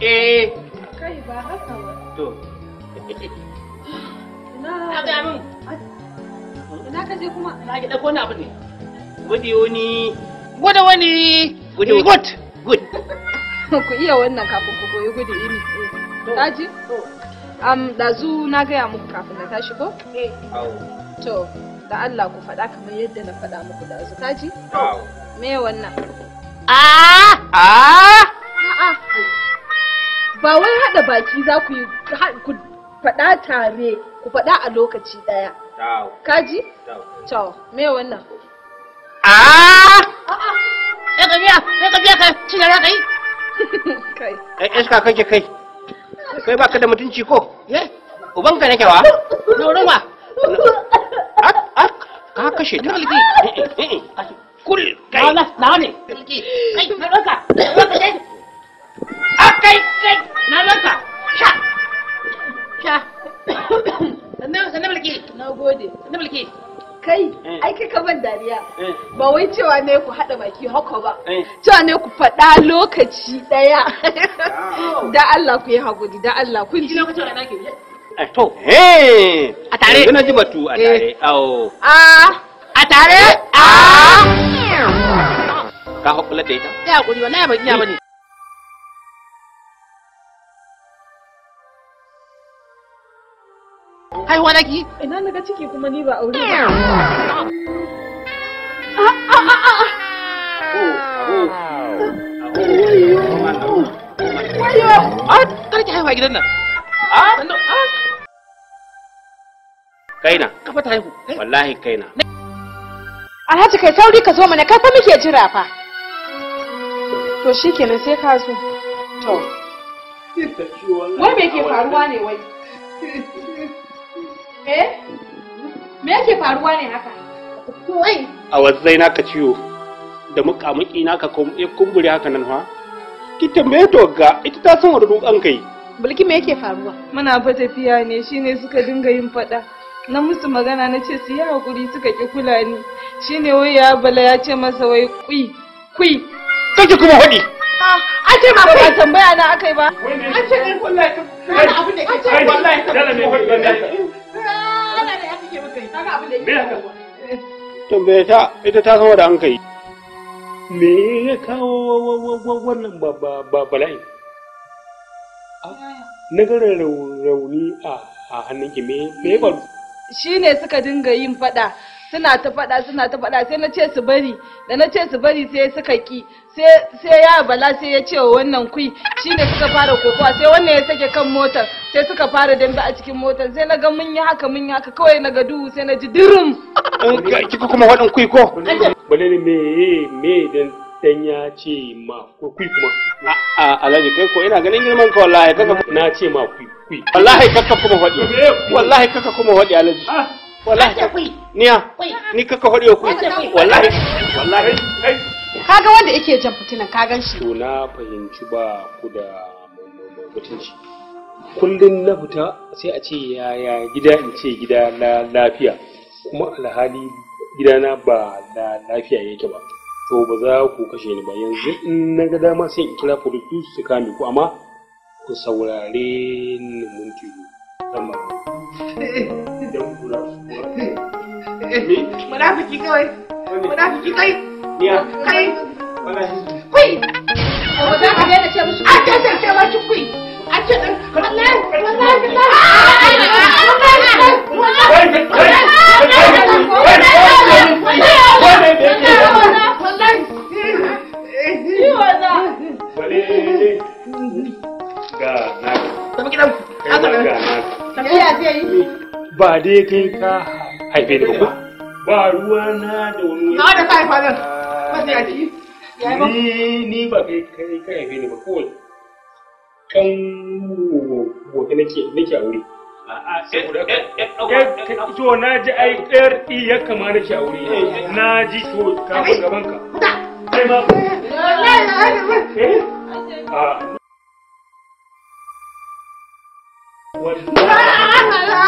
Eh. Kai ba haka ba. To. Ina. Ka min. Ina ka je kuma? Na ki dauko ni abu ne. Gode wani. Gode wani. Gode eh, wani. Good. Good. Ku iya wannan kafin ku koyi gudu iri. Taji. ji? Am dazu na gaya muku kafin na tashi ko? Eh. To, da Allah ku faɗa kamar yadda na faɗa muku dazu. Ka ji? Me wannan? Ah! Ah! ba wai haɗa baki za ku yi ku faɗa tare ku faɗa a lokaci ɗaya kaji ciao me wannan ah ya eh, kabiya ya eh, kabiya ka ci da kai kai eh, ai ka kake kai kai baka da mutunci ko ye uban ka nake wa noroma ah, ah, ka kashe ta kul kai na ne kai na mulki kai eh. ai kai ka ban dariya eh. ba wai cewa ne ku hada baki haka ba eh. cewa ne ku faɗa lokaci daya da Allah ku yi hakuri da Allah ku ji lokacin da nake to eh a tare ina ji batu a tare awo a a tare a ah. ka hakula da ita ya hakuri wannan ya bani haihuwa naki ina na ga ciki kuma ni ba aure ba haihuwa gidan nan ah? Ah, ah. kaina ka haihu wallahi kaina Alhaji kai sauri ka zo mana kai fa muke jira fa to sai ka zo to wai me ke faruwa ne wai Eh? Me yake faruwa ne haka? Wai. A wazzai naka ciwo da mukamuki naka kumburi haka nan ha? Ki tambaye to ga ita ta san wadda dukan kai. Bulki me yake faruwa? Muna fa tafiya ne shine suka dinga yin fada. Na musu magana na ce su yi hakuri suka ki kula ni. Shine wai ya bala ya ce masa wai kui kui. Kake kuma hudi. A ce ma ba tambaya na akai ba. An ce ɗan kullaye. a ce ɗan kullaye. Tambaye ta ita ta kawo da an kai. Me ya kawo wannan ba bala'i? Na gara rauni a hannun ki me ya faru? Shi ne suka dinga yin faɗa suna ta faɗa suna ta faɗa sai na ce su bari da na ce su bari sai suka ki sai ya bala sai ya ce wa wannan kui shine suka fara kokowa sai wannan ya sake kan motar sai suka fara dambe a cikin motar sai na ga mun yi haka mun yi haka kawai na ga duhu sai na ji dirim kika kuma waɗin kui ko ne me me dan dan ya ce ma ko kui kuma a alhaji kai ko ina ganin girman ka wallahi kaka na ce ma kui kui wallahi kaka kuma waɗi wallahi kaka kuma faɗi alhaji ah. wallahi niya ni kaka hore ku wallahi wallahi kaga wanda yake jan fitinan ka gan shi to na fahimci ba ku da mutunci kullun na fita sai a ce ya gida in ce gida na lafiya kuma alhali gidana ba na lafiya yake ba to ba za ku kashe ni ba yanzu in na ga dama sai in kira furutu su kame ku amma ku saurare ni mun tuyu Mana pergi kau eh? Mana pergi kau eh? Ya. Kau eh? Kui! Kau tak ada nak siap masuk. Aku tak siap masuk kui. Aku tak nak. Kau nak? Kau nak? Badi kita. haife da ba ba ruwa na da wani na da kai fadan ba ni ni ba kai kai kai haife ni ba ko kan wote nake nake aure eh, eh, eh, to na ji ai ɗayar iya kama nake aure na ji to kafin gaban kai ma wallahi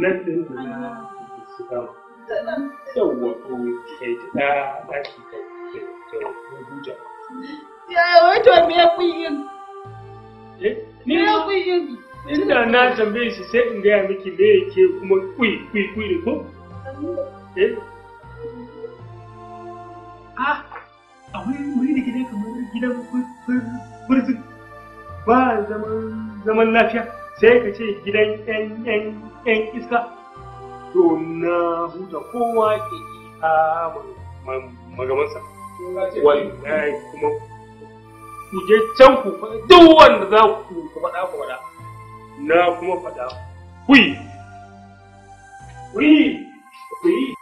nan ɗin da na su dawo yawwa to ke da ɗaki da ke da huja yaya wai to me ku yin me ku yin inda na tambaye shi sai in gaya miki me yake kuma kui kui kui da ko ah a wani wuri da gidan kamar gidan burzin ba zaman lafiya sai ka ce gidan yan iska to na huta kowa ke a magamansa wallahi kuma ku je can ku duk wanda za ku ku faɗa ku faɗa na kuma faɗa kuyi kuyi kuyi